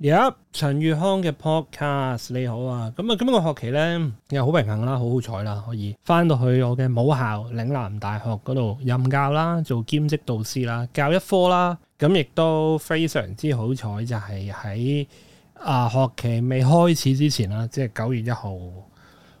而家，yep, 陳宇康嘅 podcast 你好啊，咁啊，今一個學期呢，又好榮幸啦，好好彩啦，可以翻到去我嘅母校嶺南大學嗰度任教啦，做兼職導師啦，教一科啦，咁亦都非常之好彩，就係喺啊學期未開始之前啦，即係九月一號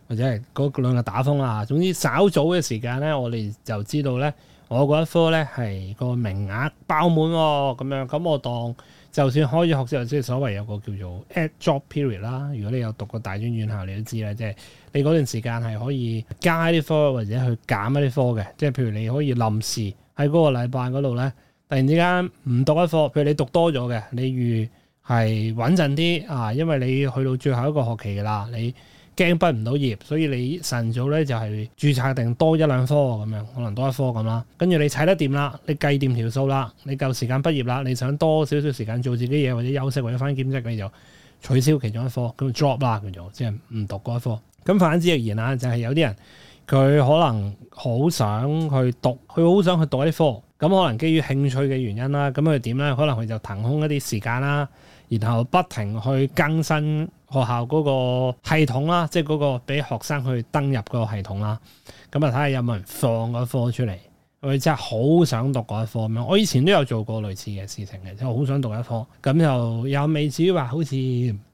或者係嗰兩個打風啦，總之稍早嘅時間呢，我哋就知道呢，我嗰一科呢係個名額爆滿喎，哦，咁樣咁我當。就算開始學之後，即係所謂有個叫做 add/drop period 啦。如果你有讀過大專院校，你都知啦，即係你嗰段時間係可以加一啲科或者去減一啲科嘅。即係譬如你可以臨時喺嗰個禮拜嗰度咧，突然之間唔讀一科，譬如你讀多咗嘅，你預係穩陣啲啊，因為你去到最後一個學期㗎啦，你。驚畢唔到業，所以你晨早咧就係註冊定多一兩科咁樣，可能多一科咁啦。跟住你踩得掂啦，你計掂條數啦，你夠時間畢業啦，你想多少少時間做自己嘢或者休息或者翻兼職，你就取消其中一科，咁 drop 啦，佢就即係唔讀嗰一科。咁反之而言啊，就係有啲人佢可能好想去讀，佢好想去讀一科，咁可能基於興趣嘅原因啦，咁佢點咧？可能佢就騰空一啲時間啦。然後不停去更新學校嗰個系統啦，即係嗰個俾學生去登入嗰個系統啦。咁啊，睇下有冇人放嗰科出嚟，係咪真係好想讀嗰一科咁樣？我以前都有做過類似嘅事情嘅，即係好想讀一科，咁又又未至於話好似，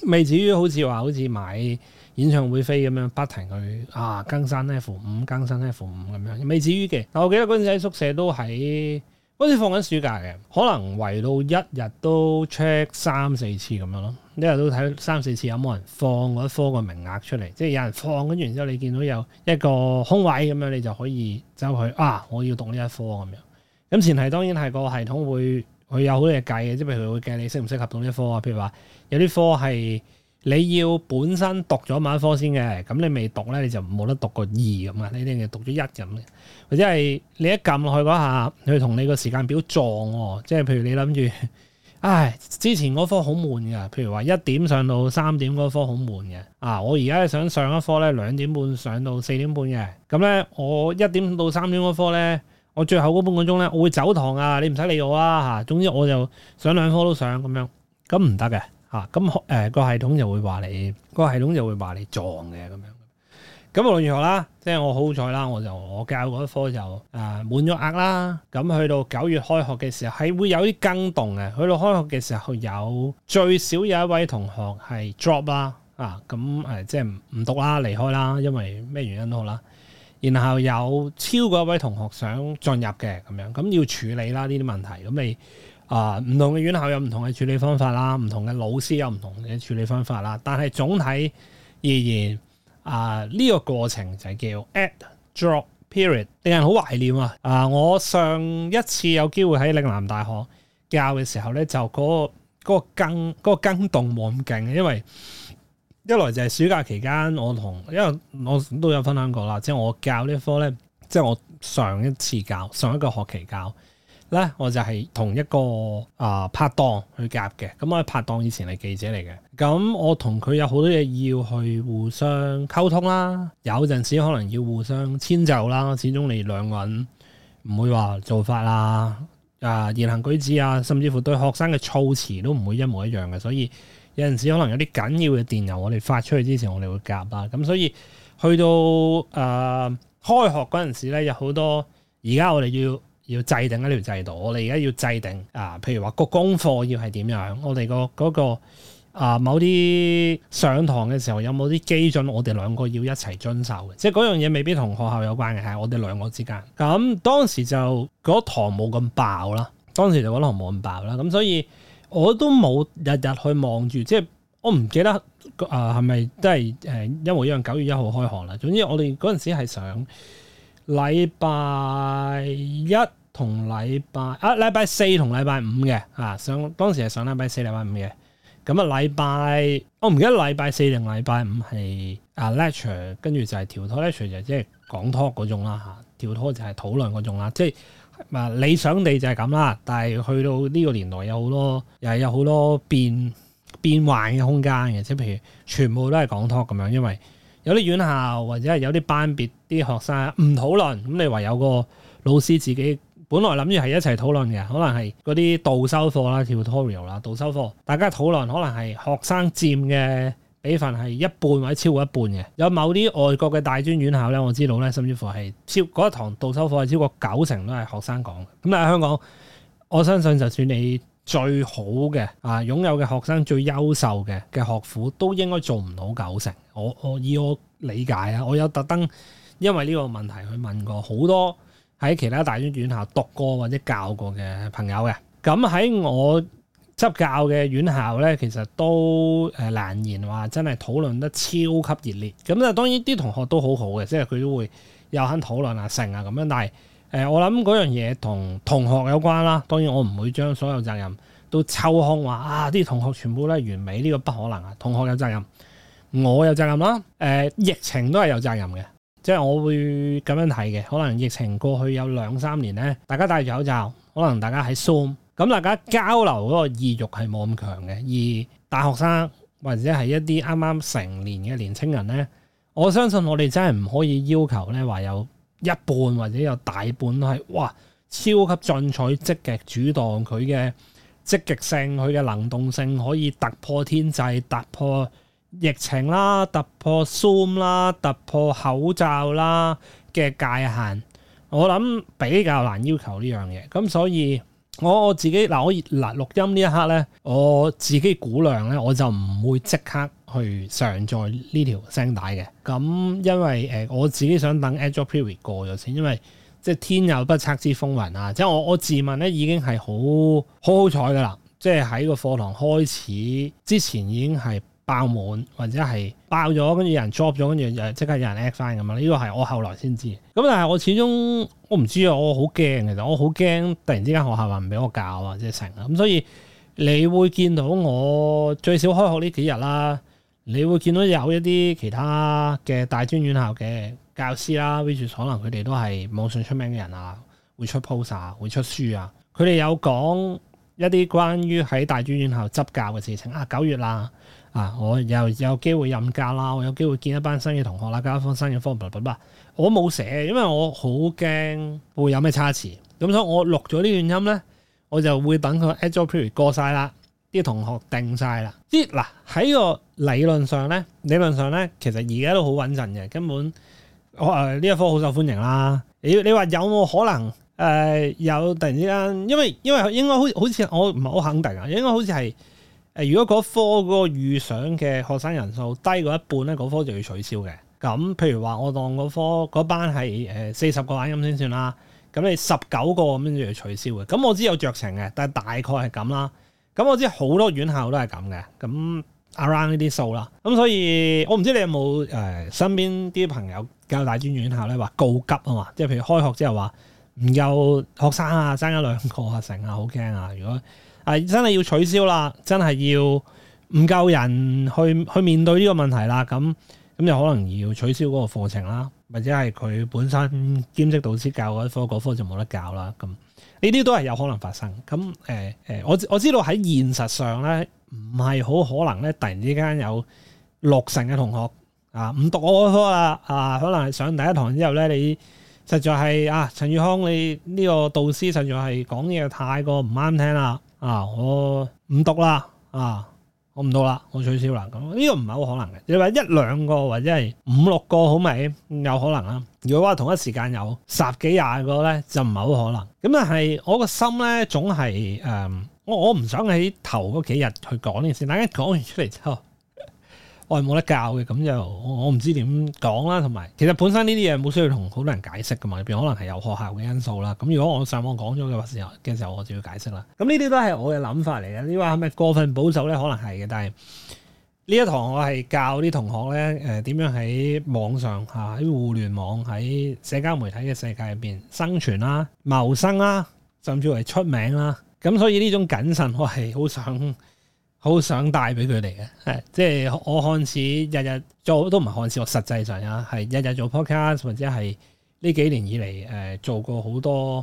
未至於好似話好似買演唱會飛咁樣，不停去啊更新 F 五、更新 F 五咁樣，未至於嘅。我記得嗰陣時喺宿舍都喺。好似放緊暑假嘅，可能圍到一日都 check 三四次咁樣咯，一日都睇三四次有冇人放嗰一科嘅名額出嚟，即係有人放，跟住然之後你見到有一個空位咁樣，你就可以走去啊，我要讀呢一科咁樣。咁前提當然係個系統會，佢有好多嘢計嘅，即係譬如佢會計你適唔適合讀呢一科啊，譬如話有啲科系。你要本身讀咗某一科先嘅，咁你未讀咧，你就冇得讀個二咁啊！你一定讀咗一咁，或者係你一撳落去嗰下，佢同你個時間表撞喎、哦。即係譬如你諗住，唉，之前嗰科好悶嘅，譬如話一點上到三點嗰科好悶嘅。啊，我而家想上一科咧，兩點半上到四點半嘅。咁咧，我一點到三點嗰科咧，我最後嗰半個鐘咧，我會走堂啊！你唔使理我啦嚇。總之我就上兩科都上咁樣，咁唔得嘅。嚇，咁誒，個系統就會話你，個系統就會話你撞嘅咁樣。咁啊，無論如何啦，即係我好彩啦，我就我教嗰一科就啊、呃、滿咗額啦。咁去到九月開學嘅時候係會有啲更動嘅。去到開學嘅時候有最少有一位同學係 drop 啦、啊，啊咁誒即係唔唔讀啦，離開啦，因為咩原因都好啦。然後有超過一位同學想進入嘅咁樣，咁要處理啦呢啲問題。咁你。啊，唔、呃、同嘅院校有唔同嘅處理方法啦，唔同嘅老師有唔同嘅處理方法啦。但係總體而言，啊、呃，呢、這個過程就係叫 add drop period，令人好懷念啊！啊、呃，我上一次有機會喺嶺南大學教嘅時候咧，就嗰、那個那個更嗰、那個、更動冇咁勁，因為一來就係暑假期間，我同因為我都有分享過啦，即係我教呢科咧，即係我上一次教上一個學期教。咧，我就係同一個啊、呃、拍檔去夾嘅，咁、嗯、我拍檔以前係記者嚟嘅，咁、嗯、我同佢有好多嘢要去互相溝通啦，有陣時可能要互相遷就啦，始終你兩個人唔會話做法啦，啊、呃、言行舉止啊，甚至乎對學生嘅措辭都唔會一模一樣嘅，所以有陣時可能有啲緊要嘅電郵我哋發出去之前，我，我哋會夾啦。咁所以去到誒、呃、開學嗰陣時咧，有好多而家我哋要。要制定一條制度，我哋而家要制定啊，譬如話個功課要係點樣，我哋個嗰個啊某啲上堂嘅時候有冇啲基準，我哋兩個要一齊遵守嘅，即係嗰樣嘢未必同學校有關嘅，係我哋兩個之間。咁當時就嗰堂冇咁爆啦，當時就嗰、那個、堂冇咁爆啦，咁、那個嗯、所以我都冇日日去望住，即係我唔記得啊係咪都係誒一模一樣，九月一號開學啦。總之我哋嗰陣時係上禮拜一。同禮拜啊，禮拜四同禮拜五嘅啊，上當時係上禮拜四、禮拜五嘅。咁啊，禮拜我唔記得禮拜四定禮拜五係啊 lecture，跟住就係調 talk lecture 就即係講 talk 嗰種啦嚇，調 talk 就係討論嗰種啦。即係嘛理想地就係咁啦，但係去到呢個年代有好多，又係有好多變變幻嘅空間嘅。即係譬如全部都係講 talk 咁樣，因為有啲院校或者係有啲班別啲學生唔討論，咁你唯有個老師自己。本來諗住係一齊討論嘅，可能係嗰啲導修課啦，tutorial 啦，導修課，大家討論可能係學生佔嘅比分係一半或者超過一半嘅。有某啲外國嘅大專院校呢，我知道呢，甚至乎係超嗰一堂導修課係超過九成都係學生講嘅。咁但係香港，我相信就算你最好嘅啊，擁有嘅學生最優秀嘅嘅學府，都應該做唔到九成。我我以我理解啊，我有特登因為呢個問題去問過好多。喺其他大專院校讀過或者教過嘅朋友嘅，咁喺我執教嘅院校呢，其實都誒難言話真係討論得超級熱烈。咁啊，當然啲同學都好好嘅，即係佢都會又肯討論啊、成啊咁樣。但係誒、呃，我諗嗰樣嘢同同學有關啦。當然我唔會將所有責任都抽空話啊，啲同學全部都係完美，呢、這個不可能啊。同學有責任，我有責任啦。誒、呃，疫情都係有責任嘅。即係我會咁樣睇嘅，可能疫情過去有兩三年呢，大家戴住口罩，可能大家喺 Zoom，咁大家交流嗰個意欲係冇咁強嘅。而大學生或者係一啲啱啱成年嘅年輕人呢，我相信我哋真係唔可以要求呢話有一半或者有大半都係哇，超級進取、積極主動，佢嘅積極性、佢嘅能動性，可以突破天際、突破。疫情啦，突破 Zoom 啦，突破口罩啦嘅界限，我諗比較難要求呢樣嘢。咁所以我自己嗱，我嗱錄音呢一刻咧，我自己估量咧，我就唔會即刻去上載呢條聲帶嘅。咁因為誒、呃，我自己想等 adjust period 過咗先，因為即係天有不測之風雲啊。即係我我自問咧，已經係好好好彩㗎喇，即係喺個課堂開始之前已經係爆滿或者係爆咗，跟住有人 drop 咗，跟住又即刻有人 add 翻咁啊！呢個係我後來先知。咁但係我始終我唔知啊，我好驚其實，我好驚突然之間學校話唔俾我教啊，即係成啊。咁所以你會見到我最少開學呢幾日啦，你會見到有一啲其他嘅大專院校嘅教師啦，which 可能佢哋都係網上出名嘅人啊，會出 poster 會出書啊，佢哋有講一啲關於喺大專院校執教嘅事情啊。九月啦。啊！我又有機會任教啦，我有機會見一班新嘅同學啦，教一科新嘅科目啦。我冇寫，因為我好驚會有咩差池。咁所以，我錄咗呢段音咧，我就會等佢 adjust period 過晒啦，啲同學定晒啦。啲嗱喺個理論上咧，理論上咧，其實而家都好穩陣嘅，根本我誒呢一科好受歡迎啦。你你話有冇可能誒、呃、有突然之間？因為因為應該好似好似我唔係好肯定啊，應該好似係。誒，如果嗰科嗰個預想嘅學生人數低過一半咧，嗰科就要取消嘅。咁譬如話，我當嗰科嗰班係誒四十個咁先算啦。咁你十九個咁就要取消嘅。咁我知有酌情嘅，但係大概係咁啦。咁我知好多院校都係咁嘅。咁 around 呢啲數啦。咁所以我唔知你有冇誒、呃、身邊啲朋友教大專院校咧話告急啊嘛？即係譬如開學之後話唔夠學生啊，爭一兩個啊，成啊，好驚啊！如果係、啊、真係要取消啦，真係要唔夠人去去面對呢個問題啦。咁咁就可能要取消嗰個課程啦，或者係佢本身兼職導師教嗰科，嗰科就冇得教啦。咁呢啲都係有可能發生。咁誒誒，我我知道喺現實上咧，唔係好可能咧，突然之間有六成嘅同學啊唔讀我嗰科啦啊，可能係上第一堂之後咧，你實在係啊陳宇康，你呢個導師實在係講嘢太過唔啱聽啦。啊！我唔讀啦，啊！我唔讀啦，我取消啦。咁呢個唔係好可能嘅。你話一兩個或者係五六個好咪有可能啦。如果話同一時間有十幾廿個咧，就唔係好可能。咁但係我個心咧，總係誒、嗯，我我唔想喺頭嗰幾日去講呢件事。大家講完出嚟之後。我係冇得教嘅，咁就我唔知點講啦，同埋其實本身呢啲嘢冇需要同好多人解釋噶嘛，入邊可能係有學校嘅因素啦。咁如果我上網講咗嘅時候嘅時候，我就要解釋啦。咁呢啲都係我嘅諗法嚟嘅。你話係咪過分保守咧？可能係嘅，但係呢一堂我係教啲同學咧，誒點樣喺網上嚇、喺互聯網、喺社交媒體嘅世界入邊生存啦、謀生啦，甚至係出名啦。咁所以呢種謹慎，我係好想。好想帶俾佢哋嘅，係即係我看似日日做都唔係，看似，我實際上啊係日日做 podcast，或者係呢幾年以嚟誒、呃、做過好多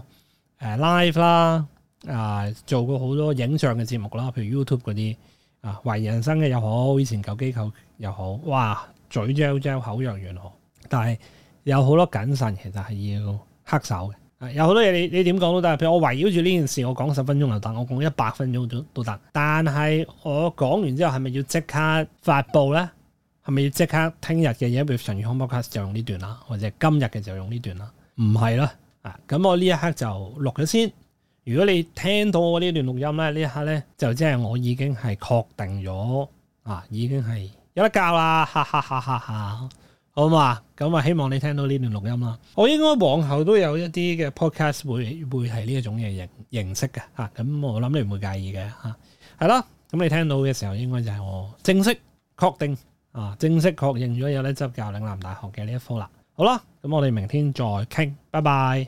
誒 live 啦，啊、呃、做過好多影像嘅節目啦，譬如 YouTube 嗰啲啊，懷疑人生嘅又好，以前舊機構又好，哇嘴真係真係口若懸河，但係有好多謹慎，其實係要黑手嘅。啊、有好多嘢你你點講都得，譬如我圍繞住呢件事我講十分鐘就得，我講一百分鐘都都得。但係我講完之後係咪要即刻發布咧？係咪要即刻聽日嘅嘢？譬如上月 conference 就用呢段啦，或者今日嘅就用呢段啦？唔係啦，啊咁我呢一刻就錄咗先。如果你聽到我呢段錄音咧，呢一刻咧就即係我已經係確定咗啊，已經係有得教啦！哈哈哈！哈哈。好嘛，咁、嗯、啊希望你聽到呢段錄音啦。我應該往後都有一啲嘅 podcast 會會係呢一種嘅形形式嘅嚇。咁、嗯、我諗你唔會介意嘅嚇。係、嗯、咯，咁、嗯、你聽到嘅時候應該就係我正式確定啊，正式確認咗有得執教嶺南大學嘅呢一科啦。好啦，咁、嗯、我哋明天再傾，拜拜。